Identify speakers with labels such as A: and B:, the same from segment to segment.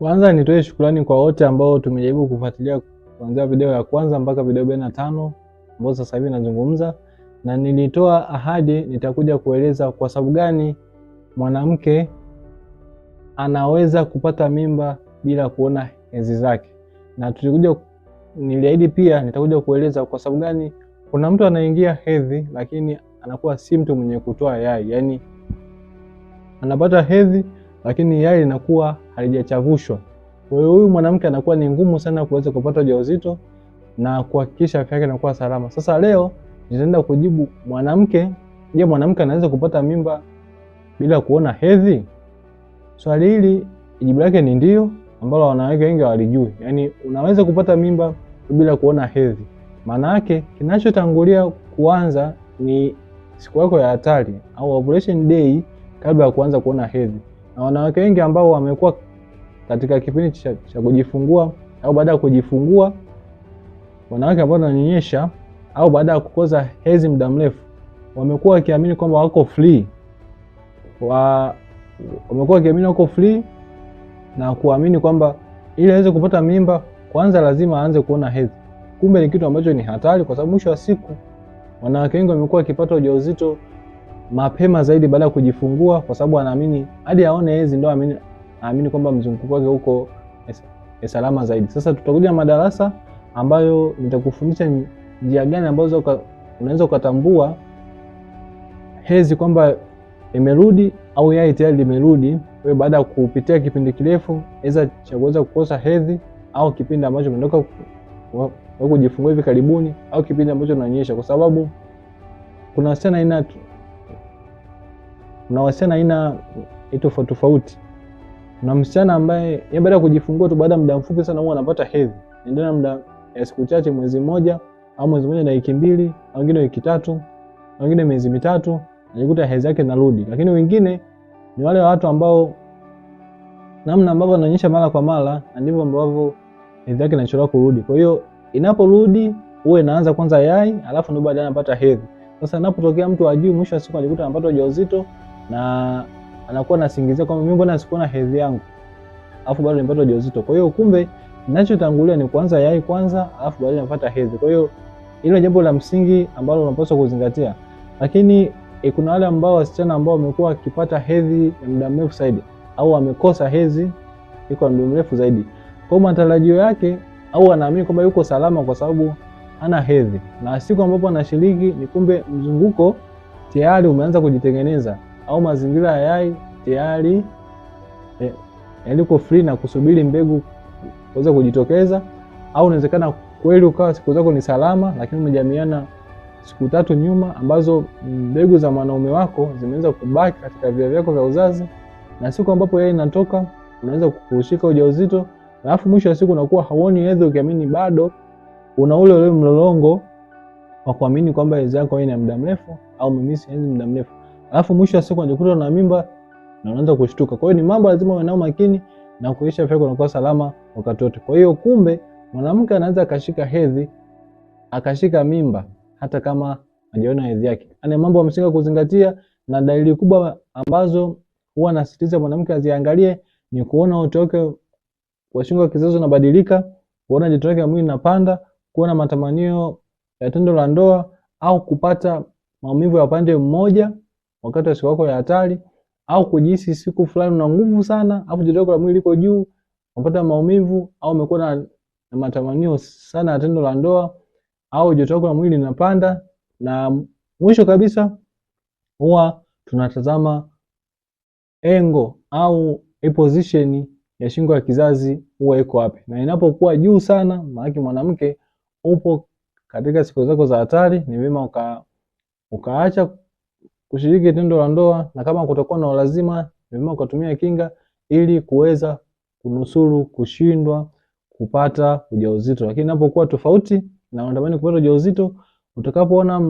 A: Kwanza nitoe shukrani kwa wote ambao tumejaribu kufuatilia kuanzia video ya kwanza mpaka video tano ambayo sasa hivi nazungumza, na nilitoa ahadi nitakuja kueleza kwa sababu gani mwanamke anaweza kupata mimba bila kuona hedhi zake, na tulikuja, niliahidi pia nitakuja kueleza kwa sababu gani kuna mtu anaingia hedhi lakini anakuwa si mtu mwenye kutoa yai, yaani anapata hedhi lakini yai linakuwa halijachavushwa. Kwa hiyo huyu mwanamke anakuwa ni ngumu sana kuweza kupata ujauzito na kuhakikisha afya yake inakuwa salama. Sasa leo nitaenda kujibu mwanamke, je, mwanamke anaweza kupata mimba bila kuona hedhi? Swali hili jibu lake ni ndio, ambalo wanawake wengi hawalijui. Yaani unaweza kupata mimba bila kuona hedhi. Maana yake kinachotangulia kuanza ni siku yako ya hatari au ovulation day kabla ya kuanza kuona hedhi na wanawake wengi ambao wamekuwa katika kipindi cha, cha kujifungua au baada ya kujifungua, wanawake ambao wananyonyesha au baada ya kukoza hedhi muda mrefu, wamekuwa wakiamini kwamba wako free wa, wamekuwa wakiamini wako free na kuamini kwamba ili aweze kupata mimba kwanza lazima aanze kuona hedhi. Kumbe ni kitu ambacho ni hatari, kwa sababu mwisho wa siku wanawake wengi wamekuwa wakipata ujauzito mapema zaidi baada ya kujifungua, kwa sababu anaamini hadi aone hedhi ndio aamini, aamini kwamba mzunguko wake huko es, e salama zaidi. Sasa tutakuja madarasa ambayo nitakufundisha njia gani ambazo unaweza ukatambua hedhi kwamba imerudi au yai tayari limerudi. Wewe baada ya kupitia kipindi kirefu aidha cha kuweza kukosa hedhi au kipindi ambacho umetoka kujifungua hivi karibuni au kipindi ambacho unanyonyesha, kwa sababu kuna wasichana aina kuna wasichana aina tofauti tofauti. Kuna msichana ambaye yeye baada ya kujifungua tu, baada ya muda mfupi sana huwa anapata hedhi, ndio na muda ya siku chache, mwezi mmoja au mwezi mmoja na wiki mbili, au wengine wiki tatu, au wengine miezi mitatu, anajikuta hedhi yake inarudi. Lakini wengine ni wale watu ambao namna ambavyo anaonyesha mara kwa mara, na ndivyo ambavyo hedhi yake inachelewa kurudi. Kwa hiyo inaporudi huwa inaanza kwanza yai, alafu ndio baadaye anapata hedhi. Sasa inapotokea mtu ajui, mwisho wa siku anajikuta anapata ujauzito na anakuwa nasingizia kwamba mimi mbona sikuwa na hedhi yangu, alafu bado nimepata ujauzito. Kwa hiyo kumbe ninachotangulia ni kwanza yai kwanza, alafu baadaye napata hedhi. Kwa hiyo hilo jambo la msingi ambalo unapaswa kuzingatia, lakini e, kuna wale ambao wasichana ambao wamekuwa wakipata hedhi ya muda mrefu zaidi au wamekosa hedhi iko muda mrefu zaidi, kwa matarajio yake au anaamini kwamba yuko salama kwa sababu ana hedhi, na siku ambapo anashiriki ni kumbe mzunguko tayari umeanza kujitengeneza au mazingira ya yai tayari eh, yaliko free na kusubiri mbegu kuweza kujitokeza, au inawezekana kweli ukawa siku zako ni salama, lakini umejamiana siku tatu nyuma ambazo mbegu za mwanaume wako zimeweza kubaki katika via vyako vya uzazi, na siku ambapo yai inatoka unaweza kushika ujauzito, alafu mwisho wa siku unakuwa hauoni hedhi, ukiamini bado una ule ule mlolongo wa kuamini kwamba hedhi yako haina muda mrefu au umemisi hedhi muda mrefu alafu mwisho wa siku anajikuta na mimba na unaanza kushtuka. Kwa hiyo ni mambo lazima uwe nao makini na kuisha afya yako salama wakati wote. Kwa hiyo kumbe, mwanamke anaweza akashika hedhi akashika mimba hata kama hajaona hedhi yake. Ana yaani mambo ya msingi kuzingatia, na dalili kubwa ambazo huwa nasisitiza mwanamke aziangalie ni kuona uto wake wa shingo ya kizazi unabadilika, kuona joto lake mwili linapanda, kuona matamanio ya tendo la ndoa au kupata maumivu ya upande mmoja wakati wa siku yako ya hatari, au kujihisi siku fulani una nguvu sana, au joto lako la mwili liko juu, unapata maumivu, au umekuwa na matamanio sana ya tendo la ndoa, au joto lako la mwili linapanda. Na mwisho kabisa, huwa tunatazama engo au position ya shingo ya kizazi huwa iko wapi, na inapokuwa juu sana, maana mwanamke upo katika siku zako za hatari, ni vyema uka, ukaacha kushiriki tendo la ndoa, na kama kutakuwa na lazima ni vyema ukatumia kinga ili kuweza kunusuru kushindwa kupata ujauzito. Lakini inapokuwa tofauti na unatamani kupata ujauzito, utakapoona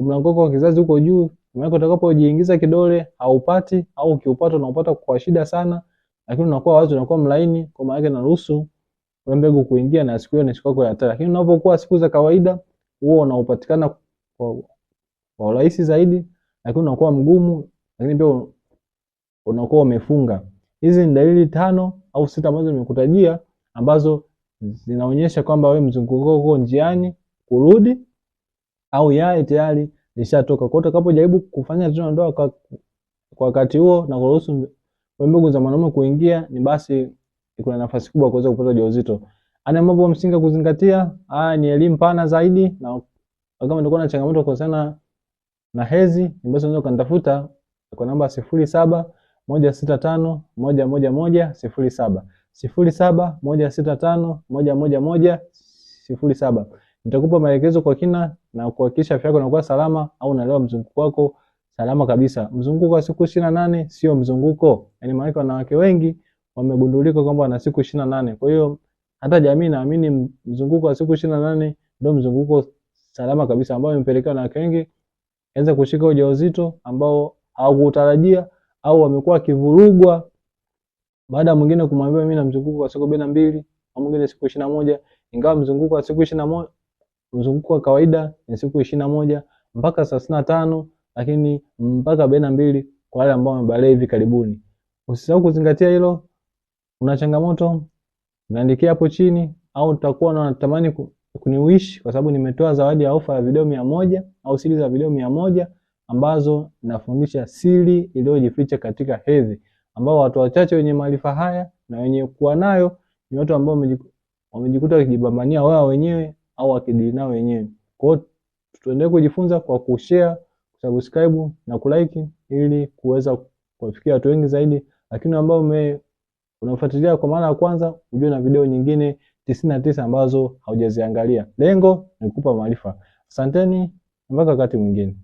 A: mlango wako wa kizazi huko juu, maana utakapojiingiza kidole haupati au ukiupata unaupata kwa shida sana, lakini unakuwa wazi, unakuwa mlaini, kwa maana yake naruhusu mbegu kuingia na siku hiyo ni siku yako ya hatari. Lakini unapokuwa siku za kawaida, huo unaopatikana kwa urahisi zaidi lakini unakuwa mgumu, lakini pia unakuwa umefunga. Hizi ni dalili tano au sita ambazo nimekutajia ambazo zinaonyesha kwamba wewe mzunguko uko njiani kurudi au yai tayari lishatoka. Kwa hiyo utakapojaribu kufanya tendo la ndoa kwa wakati huo na kuruhusu mbegu za mwanaume kuingia, ni basi kuna nafasi kubwa kuweza kupata ujauzito. Ana mambo msingi kuzingatia. Haya ni elimu pana zaidi, na kama ndio kuna changamoto kuhusiana na hezi ambazo unaweza ukanitafuta kwa namba sifuri saba moja sita tano moja moja moja sifuri saba sifuri saba moja sita tano moja moja moja sifuri saba. Nitakupa maelekezo kwa kina na kuhakikisha afya yako inakuwa salama au unaelewa mzunguko wako salama kabisa. Mzunguko wa siku ishirini na nane sio mzunguko, yaani maanake wanawake wengi wamegundulika kwamba wana siku ishirini na nane. Kwa hiyo hata jamii naamini mzunguko wa siku ishirini na nane ndio mzunguko salama kabisa ambao imepelekea wanawake wengi aweze kushika ujauzito ambao hawakutarajia au wamekuwa kivurugwa baada ya mwingine kumwambia mimi na mzunguko wa siku arobaini na au mwingine siku 21 ingawa mzunguko wa siku 21 mzunguko wa kawaida ni siku 21 mpaka 35 lakini mpaka arobaini kwa wale ambao wamebalea hivi karibuni. Usisahau kuzingatia hilo. Una changamoto, naandikia hapo chini, au utakuwa unatamani kuniwish, kwa sababu nimetoa zawadi ya ofa ya video mia moja au siri za video mia moja ambazo nafundisha siri iliyojificha katika hedhi, ambao watu wachache wenye maarifa haya na wenye kuwa nayo ni watu ambao wamejikuta wakijibambania wao wenyewe au wakidinao wenyewe. Kwa hiyo tuendelee kujifunza kwa kushare, kusubscribe na kulike ili kuweza kuwafikia watu wengi zaidi, lakini ambao ume unafuatilia kwa mara ya kwanza ujue na video nyingine tisini na tisa ambazo haujaziangalia. Lengo ni kukupa maarifa. Asanteni mpaka wakati mwingine